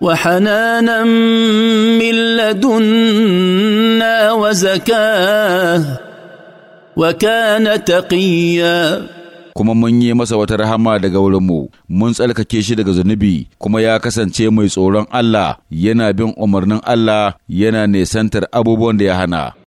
وحنانا من لدنا وزكاه وكان تقيا kuma mun yi masa wata rahama daga wurinmu mun tsalkake shi daga zunubi kuma ya kasance mai tsoron Allah yana bin umarnin Allah yana nesantar abubuwan da ya hana